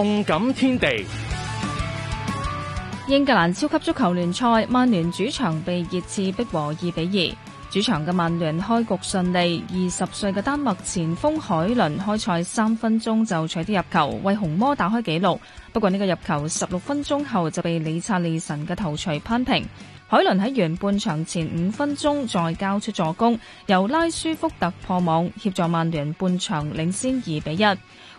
動感天地，英格蘭超級足球聯賽，曼聯主場被熱刺迫和二比二。主場嘅曼聯開局順利，二十歲嘅丹麥前鋒海倫開賽三分鐘就取得入球，為紅魔打開紀錄。不過呢個入球十六分鐘後就被理查利神嘅頭錘扳平。海倫喺完半場前五分鐘再交出助攻，由拉舒福特破網，協助曼聯半場領先二比一。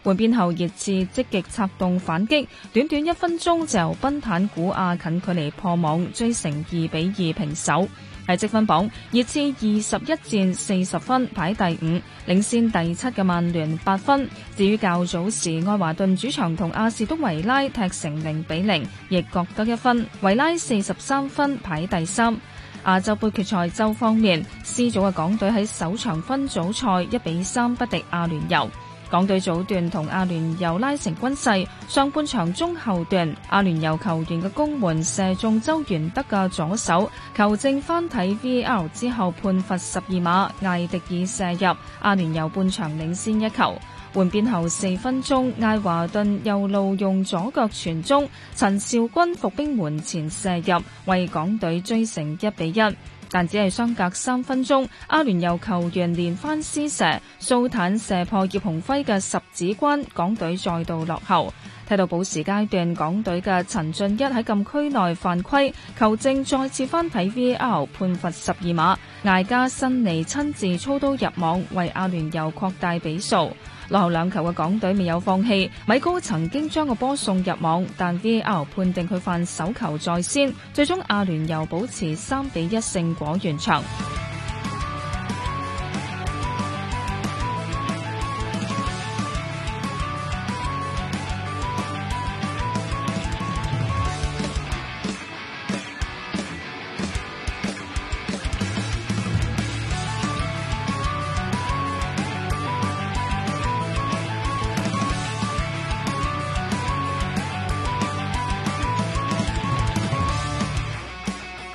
換邊後熱刺積極策動反擊，短短一分鐘就由賓坦古亞近距離破網追成二比二平手。喺積分榜，熱刺二十一戰四十分排第五，領先第七嘅曼聯八分。至於較早時，愛華頓主場同阿士東維拉踢成零比零，亦各得一分。維拉四十三分排第三。亞洲盃決賽周方面，C 組嘅港隊喺首場分組賽一比三不敵阿聯酋。港隊早段同阿聯又拉成均勢，上半場中後段，阿聯由球員嘅攻門射中周元德嘅左手球，正翻睇 V L 之後判罰十二碼，艾迪爾射入，阿聯酋半場領先一球。換邊後四分鐘，艾華頓右路用左腳傳中，陳少君伏兵門前射入，為港隊追成一比一。但只係相隔三分鐘，阿聯酋球員連番施射，蘇坦射破葉鴻輝嘅十指關，港隊再度落後。睇到補時階段，港隊嘅陳俊一喺禁區內犯規，球證再次翻睇 VAR 判罰十二碼，艾加辛尼親自操刀入網，為阿聯酋擴大比數。落後兩球嘅港隊未有放棄，米高曾經將個波送入網，但 VAR 判定佢犯手球在先，最終阿聯酋保持三比一勝果完場。